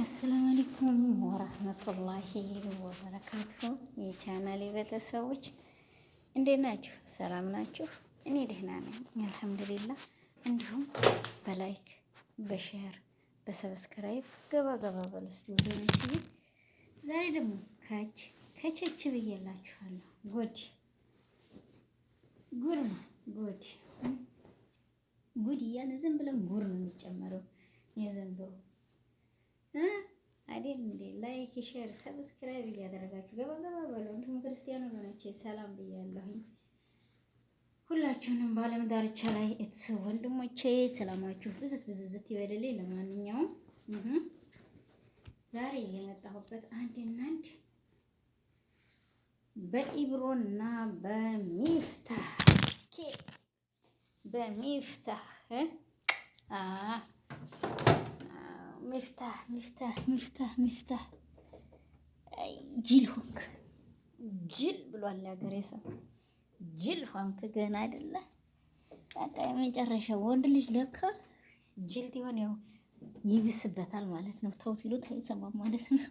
አሰላም አለይኩም ወራህመቱላሂ ወበረካቱ የቻናሌ ቤተሰቦች እንዴት ናችሁ? ሰላም ናችሁ? እኔ ደህና ነኝ አልሐምዱሊላህ። እንዲሁም በላይክ በሼር በሰብስክራይብ ገባ ገባ በሉ እስቲ ወደነች። ዛሬ ደግሞ ከች ከቸች ብዬላችኋለሁ። ጉድ ጉድ ነው ጉድ ጉድ እያለ ዝም ብለን ጉድ ነው የሚጨመረው የዘንድሮ አይደል እንዴ? ላይክ ሼር፣ ሰብስክራይብ እያደረጋችሁ ገባ ገባ በሉ። እንዲሁም ክርስቲያኑ ሆነች ሰላም ብያለሁኝ። ሁላችሁንም በዓለም ዳርቻ ላይ እትስ ወንድሞቼ ሰላማችሁ ብዝት ብዝዝት ይበልልኝ። ለማንኛውም ዛሬ የመጣሁበት አንድና አንድ በኢብሮና በሚፍታህ በሚፍታህ ሚፍታህ ሚፍታህ ሚፍታህ ሚፍታህ ጅል ሆንክ፣ ጅል ብሏል ያገሬ ሰው። ጅል ሆንክ ገና አይደለ በቃ የመጨረሻ ወንድ ልጅ ለካ ጅል ሆን ያው ይብስበታል ማለት ነው። ተው ሲሉት አይሰማም ማለት ነው።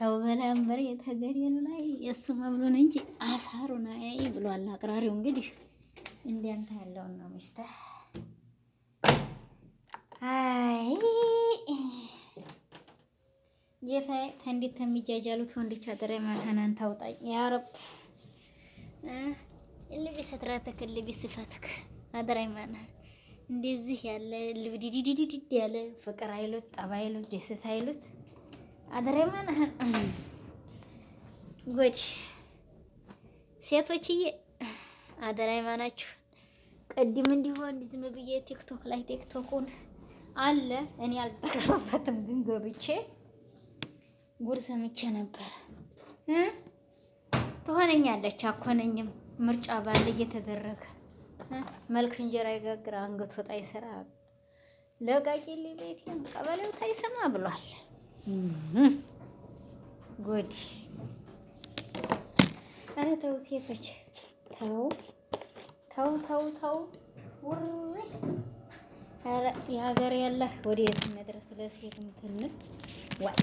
ተው በላንበሬ የተገደሉ ላይ የእሱ መብሉን እንጂ አሳሩን አይ ብሏል አቅራሪው። እንግዲህ እንዲያንተ ያለውን ነው ሚፍታህ ጌታ እንዴት ተሚጃጃሉት ወንዶች አጥሬ ማህናን ታውጣኝ። ያ ረብ ልብ ሰትራተክ ልብ ስፋትክ አድራይ ማና እንደዚህ ያለ ልብ ዲዲዲዲዲ ያለ ፍቅር አይሉት ጠባይ አይሉት ደስታ አይሉት አድራይ ማና ጎጅ ሴቶችዬ አደራይ ማናችሁ። ቅድም እንዲሆን ዝም ብዬ ቲክቶክ ላይ ቲክቶኩን አለ እኔ አልጠቀምበትም ግን ገብቼ ጉድ ሰምቼ ነበረ። ትሆነኛለች አኮነኝም ምርጫ ባል እየተደረገ መልክ እንጀራ ይጋግር አንገት ወጣ ይሰራ ለቃቂ ሌቤት ቀበሌው ታይሰማ ብሏል። ጉድ አረ ተው ሴቶች ተው ተው ተው ተው ውይ የሀገር ያለህ ወዴት መድረስ ለሴት ምትንል ዋይ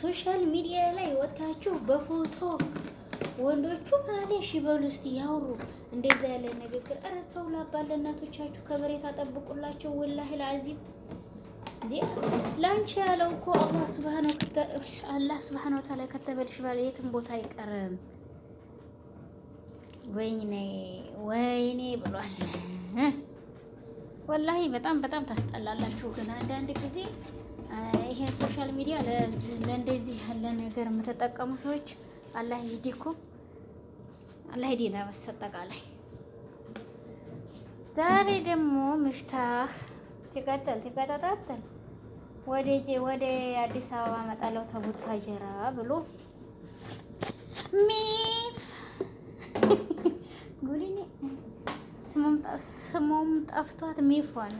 ሶሻል ሚዲያ ላይ ወታችሁ በፎቶ ወንዶቹ ማለሽ ይበሉ እስቲ ያውሩ። እንደዛ ያለ ንግግር ኧረ ተው ለአባት እናቶቻችሁ ከመሬት አጠብቁላቸው ወላሂ ለአዚም እንዴ ላንቺ ያለው እኮ አላህ ሱብሃነ አላህ ሱብሃነ ወተዓላ ከተበልሽ ባለ የትም ቦታ አይቀርም። ወይኔ ወይኔ ብሏል። ወላሂ በጣም በጣም ታስጠላላችሁ። ግን አንዳንድ ጊዜ ይሄ ሶሻል ሚዲያ ለእንደዚህ ያለ ነገር የምትጠቀሙ ሰዎች አላህ ይዲኩም፣ አላህ ነው። በሰጠቃላይ። ዛሬ ደግሞ ምፍታህ ትቀጠል ትቀጠጣጠል ወደ ወደ አዲስ አበባ መጣለው ተቡታጀራ ብሎ ሚፍ ጉዲኒ ስሙም ጠፍቷት ሚፍ ሆነ።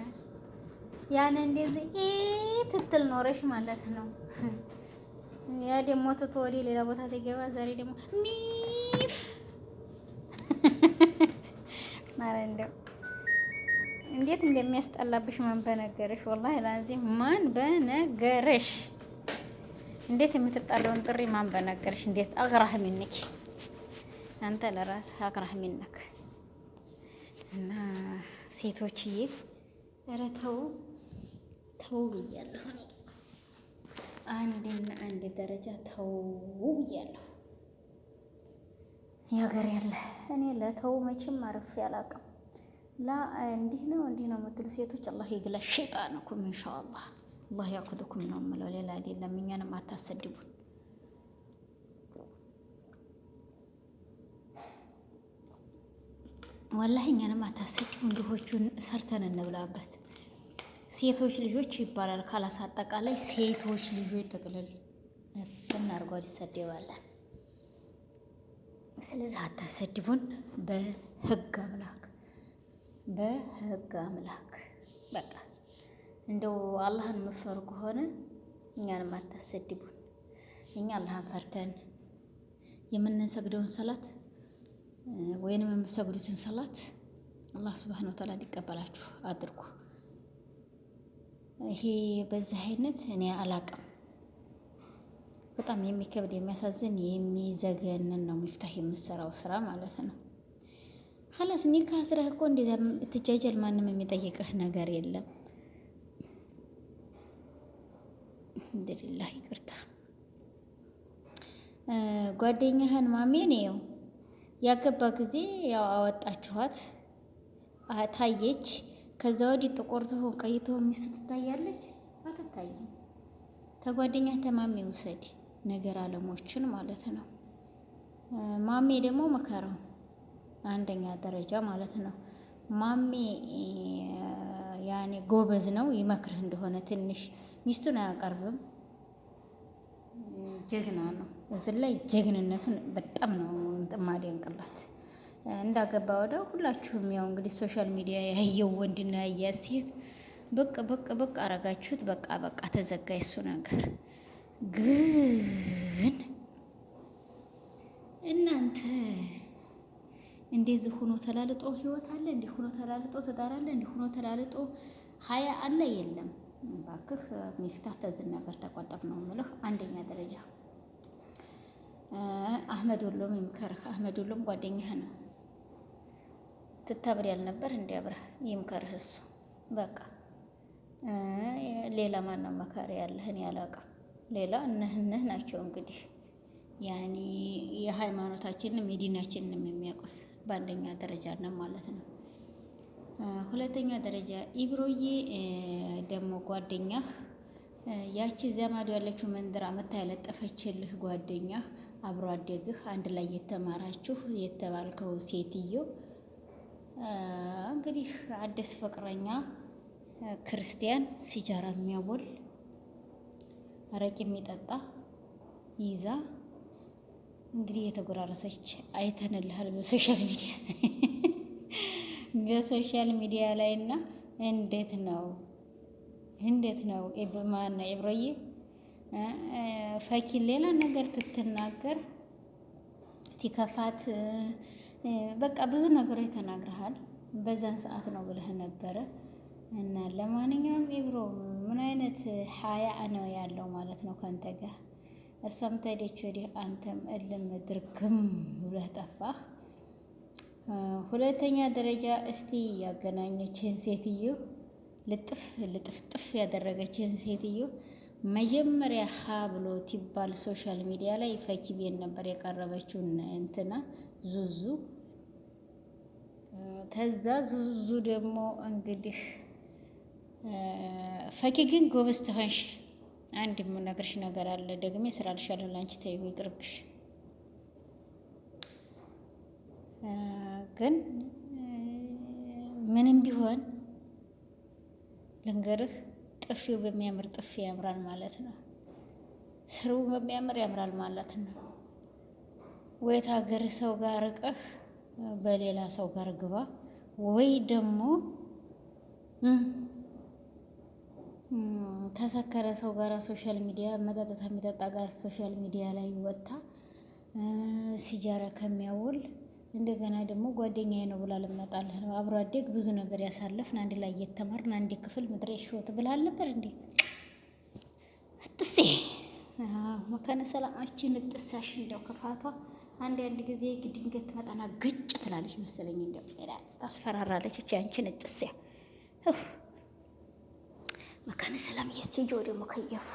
ያን እንደዚህ ትትል ኖረሽ ማለት ነው። ያ ደግሞ ትቶ ወደ ሌላ ቦታ ትገባ። ዛሬ ደግሞ ሚፍ ማለት እንደው እንዴት እንደሚያስጠላብሽ ማን በነገረሽ፣ ወላሂ ላዚም ማን በነገረሽ፣ እንዴት የምትጣለውን ጥሪ ማን በነገረሽ። እንዴት አቅራህ ሚንክ አንተ ለራስ አቅራህ ሚንክ እና ሴቶችዬ ኧረ ተው። ተው ብያለሁ። አንድና አንድ ደረጃ ተው ብያለሁ። ያገር ያለ እኔ ለተው መቼም አረፍ አላውቅም። ላ እንዲህ ነው እንዲህ ነው የምትሉ ሴቶች አላህ ይግላ ሸይጣንኩም ኢንሻአላህ አላህ ያኩድኩም ነው የምለው ሌላ አይደለም። እኛንም አታሰድቡን። ወላሂ እኛንም አታሰድቡን። ድሆቹን ሰርተን እንብላበት። ሴቶች ልጆች ይባላል። ካላስ አጠቃላይ ሴቶች ልጆች ጥቅልል ፍን አድርጓል ይሰደባለን። ስለዚህ አታሰድቡን። በህግ አምላክ በህግ አምላክ በቃ እንደው አላህን መፈሩ ከሆነ እኛንም አታሰድቡን። እኛ አላህን ፈርተን የምንሰግደውን ሰላት ወይንም የምሰግዱትን ሰላት አላህ ስብሐነ ወተዓላ እንዲቀበላችሁ አድርጉ። ይሄ በዚህ አይነት እኔ አላቅም። በጣም የሚከብድ የሚያሳዝን የሚዘገንን ነው ሚፍታህ የምሰራው ስራ ማለት ነው። ሀላስ እኔ ከአስረህ እኮ እንደዚያ ብትጃጀል ማንም የሚጠይቅህ ነገር የለም። አልሐምዱሊላህ ይቅርታ ጓደኛህን ማሜን ው ያገባ ጊዜ ያው አወጣችኋት ታየች። ከዛ ወዲህ ጥቁር ትሆን ቀይ ትሆን ሚስቱ ትታያለች አትታይም። ተጓደኛ ተማሜ ውሰድ ነገር አለሞችን ማለት ነው። ማሜ ደግሞ መከራው አንደኛ ደረጃ ማለት ነው። ማሜ ያኔ ጎበዝ ነው ይመክርህ እንደሆነ ትንሽ ሚስቱን አያቀርብም። ጀግና ነው። እዚህ ላይ ጀግንነቱን በጣም ነው ጥማዴ ያንቅላት እንዳገባ ወደ ሁላችሁም ያው እንግዲህ ሶሻል ሚዲያ ያየው ወንድና ያየ ሴት ብቅ ብቅ ብቅ አረጋችሁት። በቃ በቃ ተዘጋ የሱ ነገር። ግን እናንተ እንደዚህ ሆኖ ተላልጦ ህይወት አለ፣ እንዲህ ሆኖ ተላልጦ ትዳር አለ፣ እንዲህ ሆኖ ተላልጦ ሀያ አለ። የለም ባክህ ሚፍታህ ተዝን ነገር ተቆጠብ ነው የምልህ። አንደኛ ደረጃ አህመድ ወሎም ይምከርህ። አህመድ ወሎም ጓደኛህ ነው። ትታብር ያልነበር እንዲ አብረህ ይምከርህ እሱ በቃ ሌላ ማነው መካሪ ያለህን ያላቅም ሌላ እነህ ናቸው እንግዲህ ያኔ የሃይማኖታችንንም የዲናችንንም የሚያውቁት በአንደኛ ደረጃ ነው ማለት ነው። ሁለተኛ ደረጃ ኢብሮዬ ደግሞ ጓደኛህ ያቺ ዘማዶ ያለችው መንደር አመታ ያለጠፈችልህ ጓደኛህ አብሮ አደግህ አንድ ላይ የተማራችሁ የተባልከው ሴትዮ እንግዲህ አዲስ ፍቅረኛ ክርስቲያን ሲጃራ የሚያቦል አረቄ የሚጠጣ ይዛ እንግዲህ የተጎራረሰች አይተንልሃል በሶሻል ሚዲያ በሶሻል ሚዲያ ላይ እና እንዴት ነው እንዴት ነው ማነ ኢብሮዬ ፈኪን ሌላ ነገር ትትናገር ቲከፋት በቃ ብዙ ነገሮች ተናግረሃል። በዛን ሰዓት ነው ብለህ ነበረ እና ለማንኛውም ኢብሮ ምን አይነት ሀያ ነው ያለው ማለት ነው ከአንተ ጋር እሷም ተሄደች ወዲህ አንተም እልም ድርግም ብለህ ጠፋህ። ሁለተኛ ደረጃ እስቲ ያገናኘችን ሴትዮ ልጥፍ ልጥፍጥፍ ያደረገችን ሴትዮ መጀመሪያ ሀ ብሎ ቲባል ሶሻል ሚዲያ ላይ ፈኪ ቤት ነበር የቀረበችው እንትና ዙዙ። ከዛ ዙዙ ደግሞ እንግዲህ ፈኪ ግን ጎበዝ ትሆንሽ፣ አንድ የምነግርሽ ነገር አለ ደግሜ ስላልሻለሁ ላንቺ ተይው ይቅርብሽ። ግን ምንም ቢሆን ልንገርህ ጥፊው በሚያምር ጥፊ ያምራል ማለት ነው። ስርቡ በሚያምር ያምራል ማለት ነው። ወይት ሀገር ሰው ጋር ርቀህ በሌላ ሰው ጋር ግባ ወይ ደግሞ ተሰከረ ሰው ጋር ሶሻል ሚዲያ መጠጠት የሚጠጣ ጋር ሶሻል ሚዲያ ላይ ወጥታ ሲጃራ ከሚያውል እንደገና ደግሞ ጓደኛዬ ነው ብላ ልመጣልህ ነው። አብሮ አደግ ብዙ ነገር ያሳለፍን አንድ ላይ እየተማርን አንድ ክፍል ምድረ ሾት ብላል ነበር እንዴ እጥሴ መካነ ሰላማችን እጥሳሽ እንደው ክፋቷ አንድ አንድ ጊዜ ድንገት መጣና ግጭ ትላለች መሰለኝ እንደው ታስፈራራለች። እቺ አንቺን እጥሴ መካነ ሰላም የስቴጆ ደግሞ ከየፉ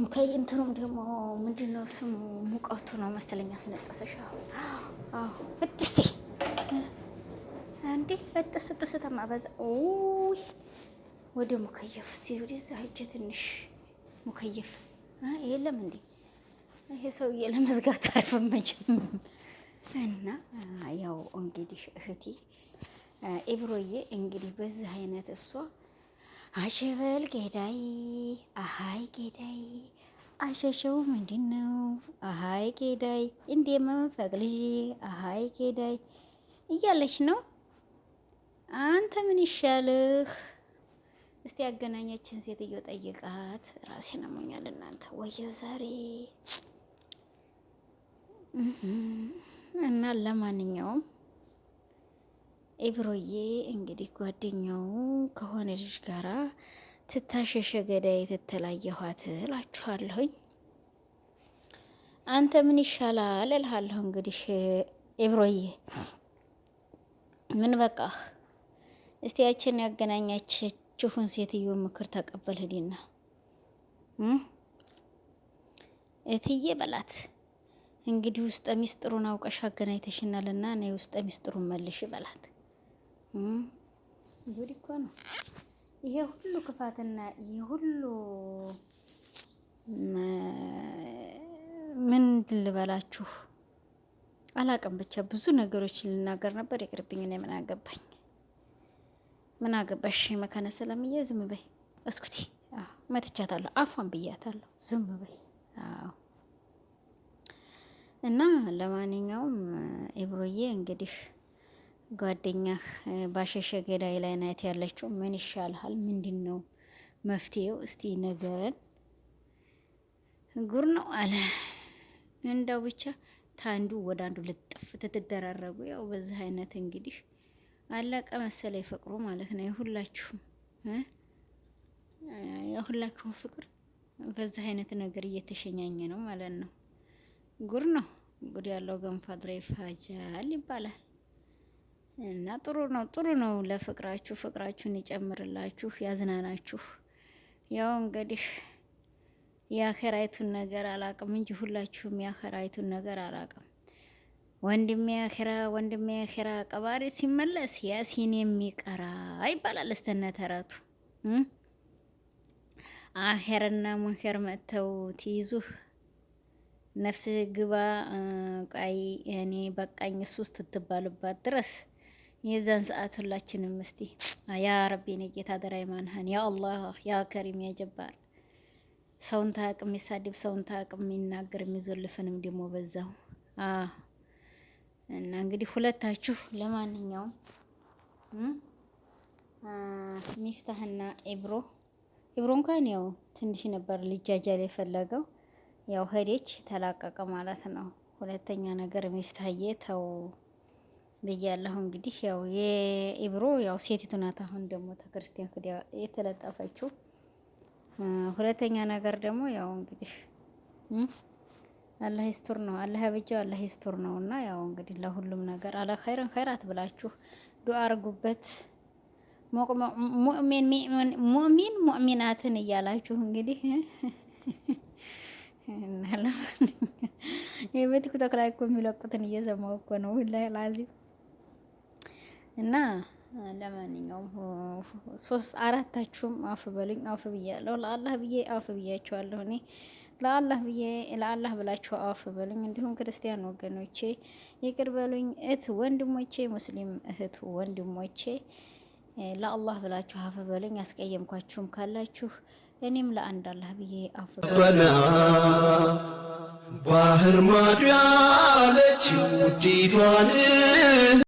እንትኑም ደግሞ ምንድን ነው ስሙ ሙቀቱ ነው መሰለኝ ያስነጠሰሽ። አዎ እጥስ እንዴ እጥስ እጥስ ተማበዛ ኦይ ወደ ሙከየፍ ስ ወደዛ ሂጅ። ትንሽ ሙከየፍ የለም እንዴ ይሄ ሰውዬ ለመዝጋት አልፈመችም። እና ያው እንግዲህ እህቴ ኢብሮዬ እንግዲህ በዚህ አይነት እሷ አሸበል ጌዳይ አሀይ ጌዳይ አሸሸው ምንድን ነው አሀይ ጌዳይ እንዴ መመፈቅ ልጅ አሀይ ጌዳይ እያለች ነው። አንተ ምን ይሻልህ? እስቲ ያገናኘችን ሴትዮ ጠይቃት። ራሴን አሞኛል እናንተ ወየው ዛሬ እና ለማንኛውም ኤብሮዬ እንግዲህ ጓደኛው ከሆነ ልጅ ጋራ ትታሸሸ ገዳይ ትተላየኋት እላችኋለሁኝ። አንተ ምን ይሻላል እልሃለሁ። እንግዲህ ኤብሮዬ ምን በቃ እስቲ ያችን ያገናኛችሁን ሴትዮ ምክር ተቀበል ሂድና እትዬ በላት እንግዲህ ውስጠ ሚስጥሩን አውቀሽ አገናኝተሽናልና እና ውስጠ ሚስጥሩን መልሽ በላት። ጉድ እኮ ነው ይሄ ሁሉ ክፋትና ይሄ ሁሉ ምን ልበላችሁ አላቅም። ብቻ ብዙ ነገሮች ልናገር ነበር፣ ይቅርብኝ። እኔ ምን አገባኝ? ምን አገባሽ መካነ ሰላምዬ፣ ዝም በይ እስኩቲ። መትቻታለሁ፣ አፏን ብያታለሁ፣ ዝም በይ። እና ለማንኛውም ኢብሮዬ እንግዲህ ጓደኛህ ባሸሸ ገዳይ ላይ ናት ያለችው። ምን ይሻልሃል? ምንድን ነው መፍትሄው? እስቲ ነገረን። ጉር ነው አለ እንዳው ብቻ ታንዱ ወደ አንዱ ልጥፍ ትትደራረጉ። ያው በዚህ አይነት እንግዲህ አለቀ መሰለ ይፈቅሩ ማለት ነው። የሁላችሁም የሁላችሁም ፍቅር በዚህ አይነት ነገር እየተሸኛኘ ነው ማለት ነው። ጉር ነው ጉድ ያለው ገንፋ ድሬ ፋጃል ይባላል። እና ጥሩ ነው ጥሩ ነው ለፍቅራችሁ ፍቅራችሁን ይጨምርላችሁ፣ ያዝናናችሁ። ያው እንግዲህ የአኸራይቱን ነገር አላቅም እንጂ ሁላችሁም የአኸራይቱን ነገር አላቅም። ወንድሜ አኸራ ወንድሜ አኸራ ቀባሪ ሲመለስ ያሲን የሚቀራ ይባላል። እስተነ ተረቱ አኸርና ሙንከር መጥተው ትይዙህ ነፍስ ግባ ቃይ እኔ በቃኝ ሱስ ስትባልባት ድረስ የዛን ሰዓት ሁላችንም እስቲ ያ ረቢ ኔ ጌታ ደራይማንህን ያ አላህ ያ ከሪም ያ ጀባር ሰውን ታቅም የሚሳድብ ሰውን ታቅም የሚናገር የሚዞልፍንም ደግሞ በዛው እና እንግዲህ ሁለታችሁ ለማንኛውም ሚፍታህና ኢብሮ ኢብሮ እንኳን ያው ትንሽ ነበር ልጃጃል የፈለገው ያው ሄዴች ተላቀቀ ማለት ነው። ሁለተኛ ነገር ሚፍታህዬ ተው ብያለሁ። እንግዲህ ያው የኢብሮ ያው ሴቲቱ ናት። አሁን ደግሞ ተክርስቲያን ክዳ የተለጠፈችው። ሁለተኛ ነገር ደግሞ ያው እንግዲህ አላህ ይስቱር ነው። አላህ ያብጀው፣ አላህ ይስቱር ነው። እና ያው እንግዲህ ለሁሉም ነገር አለ ኸይረን ኸይራት ብላችሁ ዱዓ አርጉበት። ሙእሚን ሙእሚን ሙእሚን ሙእሚናትን እያላችሁ እንግዲህ እና ለማንኛውም የቤት ኩተክላይ እኮ የሚለቁትን እየሰማሁ እኮ ነው። ወላሂ ላዚም እና ለማንኛውም ሶስት አራታችሁም አፍ በሉኝ። አፍ ብያለሁ፣ ለአላህ ብዬ አፍ ብያቸዋለሁ። እኔ ለአላህ ብዬ ለአላህ ብላችሁ አፍ በሉኝ። እንዲሁም ክርስቲያን ወገኖቼ ይቅር በሉኝ። እህት ወንድሞቼ፣ ሙስሊም እህት ወንድሞቼ ለአላህ ብላችሁ አፍ በሉኝ። ያስቀየምኳችሁም ካላችሁ እኔም ለአንድ አላህ ብዬ አፍ ባህር ማዶ ያለች ውዲቷን